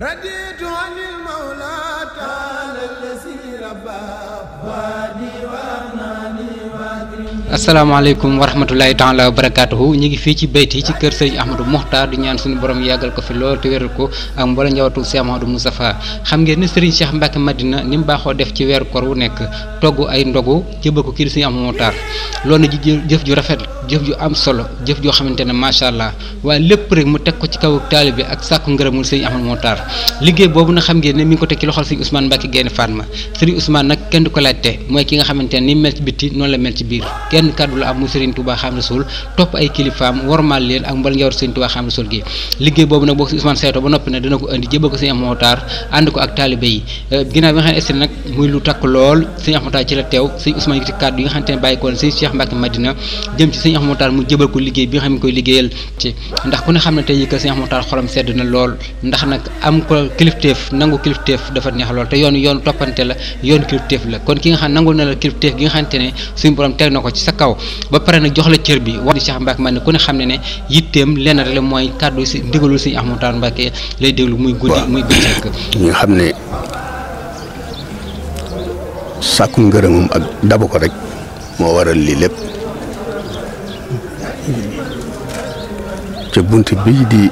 رضيت عن المولى تعالى الذي ربى ñu ngi fii ci bayti ci kër sëñ Ahmadou Mokhtar di ñaan suñu borom yàggal ko fi lool te wéral ko ak mboolem njabootu Cheikh Ahmadou xam ngeen ne Serigne Cheikh Mbacke Madina ni mu baaxoo def ci weeru kor wu nekk togg ay ndogu jëbal ko kii di sëñ Ahmadou Mokhtar loolu na ji jëf ju rafet jëf ju am solo jëf jo xamantene ma sha allah wa lepp rek mu tek ko ci kaw taali bi ak sakku ngeeramul sëñ Ahmed Mokhtar liggéey bobu na xam ngeen ni mi ngi ko tek ci loxol sëñ Ousmane Mbacke Gueye Fatma sëñ Ousmane nak kenn du ko laajte moy ki nga xamantene ni mel ci biti non la mel ci biir kenn kaddu la am mu sëriñ Touba Xam Rasoul top ay kilifaam warmaal leen ak mbal ngeewr sëriñ Touba Xam Rasoul gi liggéey bobu nak bok sëñ Ousmane sayto ba noppi nag dina ko andi jébal ko sëñ Ahmad Mokhtar ànd ko ak taalibe yi euh, ginnaaw bi nga xam ne est muy lu tak lool sëñ Ahmed Mokhtar ci la tew sëñ Ousmane yëkkati kaddu yi nga xamantene bayiko bàyyi ko Cheikh Mbacke Madina jëm ci sëñ Cheikh Moutar mu jëbal ko liggéey bi nga xam ne koy liggéeyal ci ndax ku ne xam ne te que Cheikh Moutar xolam sedd na lool ndax nag am ko kilifteef nangu kilifteef dafa neex lool te yoon yoon toppante la yoon kilifteef la kon ki nga xam nangul na la kilifteef gi nga xamante ne suñu borom teg na ko ci sa kaw ba pare nag jox la cër bi wax di Cheikh Mbacke man ne ku ne xam ne ne yitteem lenn rek la mooy kàddu si ndigalul Cheikh Moutar Mbacke lay déglu muy guddi muy bëccëg sàkku ngërëmam ak dabu ko rek moo waral lii lépp te bunt bii di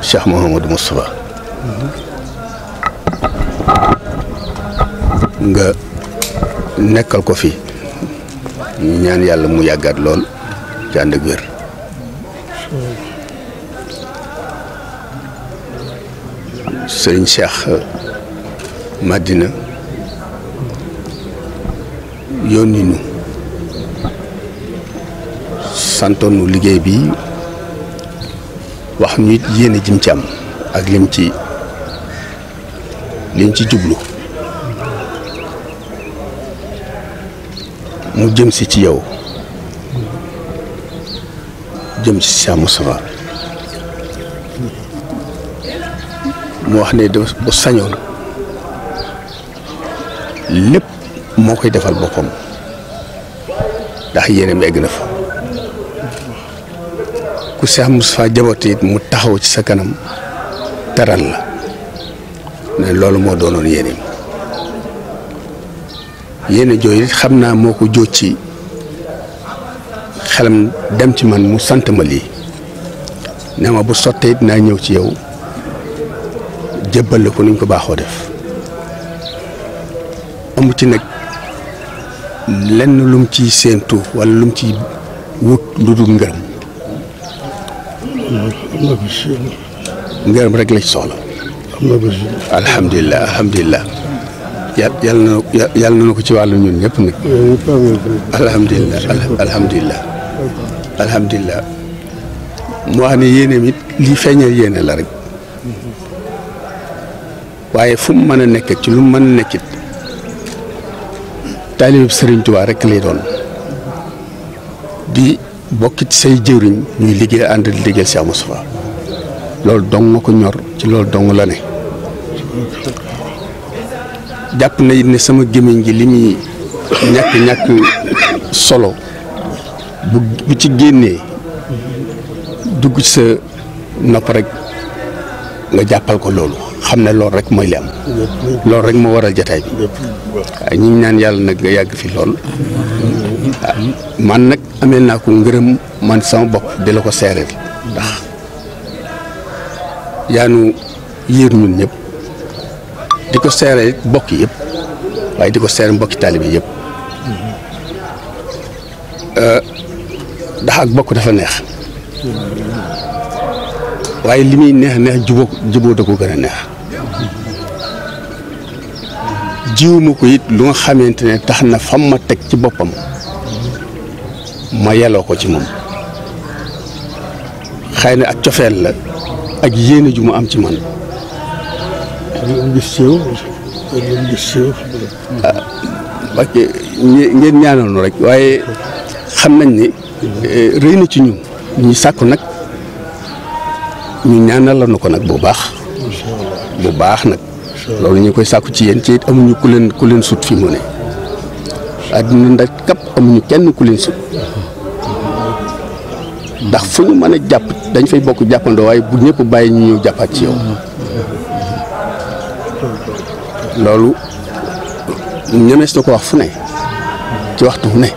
Cheikh Mouhamadou Moustapha nga nekkal ko fi ñu ñaan yàlla mu yàggaat lool ci ànd ak wér sëriñ Cheikh Madina yónni liggéey bi wax ñu yéene jim ci am ak lim ci lim ci jublu mu jëm si ci yow jëm si Cheikh Moustapha mu wax ne dafa bu sañoon lépp moo koy defal boppam ndax yéeneem egg na fa ku Cheikh Moustapha jaboot it mu taxaw ci sa kanam teral la ne loolu moo doonoon yeneen yenn jooy it xam naa moo ko jóot ci xelam dem ci man mu sant ma lii ne bu sottee it naa ñëw ci yow jébbal la ko ni ñu ko baaxoo def amu ci nag lenn lum ciy séentu walla lum ci wut lu dul ngërëm am na ko si rek la ci soxla. am na ko si. alhamdulilah alhamdulilah. ko ci wàllu ñun ñëpp nag. alhamdulilah alhamdulilah. alhamdulilah. mu wax ne yéene mi lii feeñal yéene la rek. waaye fu mu mën a nekk ci lu mu mën a nekkit. taalibib Serigne Touba rek lay doon. di. bokk ci say jëwriñ ñuy liggéey ànd di liggéey Cheikh Moustapha loolu dong ma ko ñor ci loolu dong la ne jàpp na it ne sama gémmiñ gi li muy ñàkk ñàkk solo bu ci génnee dugg sa nopp rek nga jàppal ko loolu xam ne loolu rek mooy li am loolu rek moo waral jataay bi ñu ngi ñaan yàlla nag nga yàgg fi lool man nag ameel naa ko ngërëm man sama bopp di la ko seereel ndax yaanu yéer ñun ñëpp di ko seereel bokk yépp waaye di ko seereel mbokki taalibe yépp ndax ak bokk dafa neex waaye li muy neex neex juboo juboo ko gën a neex jiwuma ko it lu nga xamante ne tax na fam ma teg ci boppam ma yeloo ko ci moom xëy na ak cofeel la ak yéene ju mu am ci man. Ah, parce que ngeen ñaanal nu rek waaye xam nañ ni eh, rëy na ci ñun ñu sàkku nag ñu ñaanal la ko nag bu baax bu baax nag loolu ñu koy sàkku ci yéen ci it amuñu ku leen ku leen sut fi mu ne àddina ndax kap amuñu kenn ku leen sut ndax fu ñu mën a jàpp dañ fay bokk jàppandoo waaye bu ñëpp bàyyi ñu ñëw jàppaat ci yow loolu ñemees na ko wax fu ne ci waxtu fu ne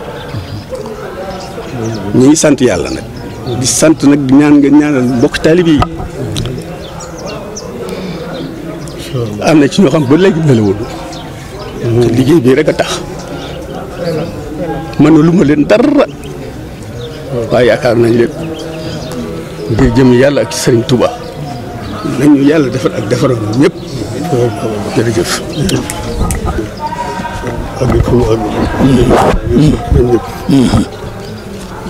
ñu ngi sant yàlla nag di sant nag di ñaan nga ñaanal mbokk taalib yi am na ci ñoo xam ba léegi melewul liggéey bii rek a tax na mënuluma leen dara waaye yaakaar nañ lépp ngir jëm yàlla ak sëriñ Touba nañu yàlla defar ak defaral ñëpp jërëjëf ak ko ak ñëpp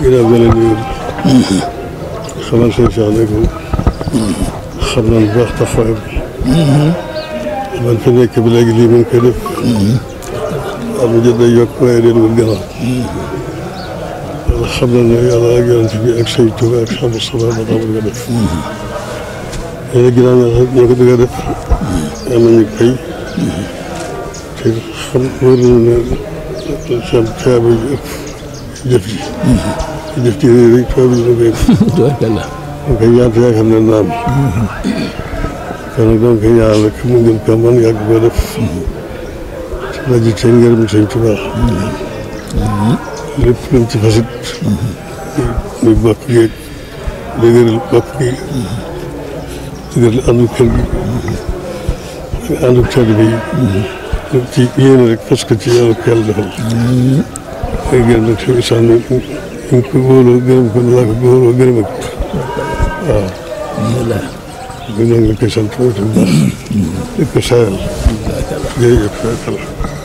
ginnaaw bi leen ñu xamal seen Cheikh ne ko xam nañ bu baax taxawaay bi man fi nekk bi léegi lii mën koy def am na jot day yokk waaye leen wul gannaaw ndax xam nañ ne yàlla ak yonent bi ak say Tuuba ak Cheikh Moustapha moo tax nga def. loolu ginnaaw ñoo ko bëgg a def. am nañu pay. te xam wóor nañu ne seen tuyaaba yi ëpp jëf ji. jëf ji rek tuyaaba yi la koy. tubaarkalla. kon kay ñaata yaakaar ne naam. kon nag donc yàlla rek mu gën ko man yàgg ko def. ci la ji seen ngërëm sëñ Tuuba. lépp luñ ci fasit muy bokk yeeg dëgëral bokk gi dëgëral àndu kër gi ak àndu kër bi lépp ci yéen rek parce que ci yàlla ko yàlla defal ay gërëm nag sëñ Issa ñu ngi ko wóoloo gërëm ko laa ko wóoloo gërëm ak waaw ñu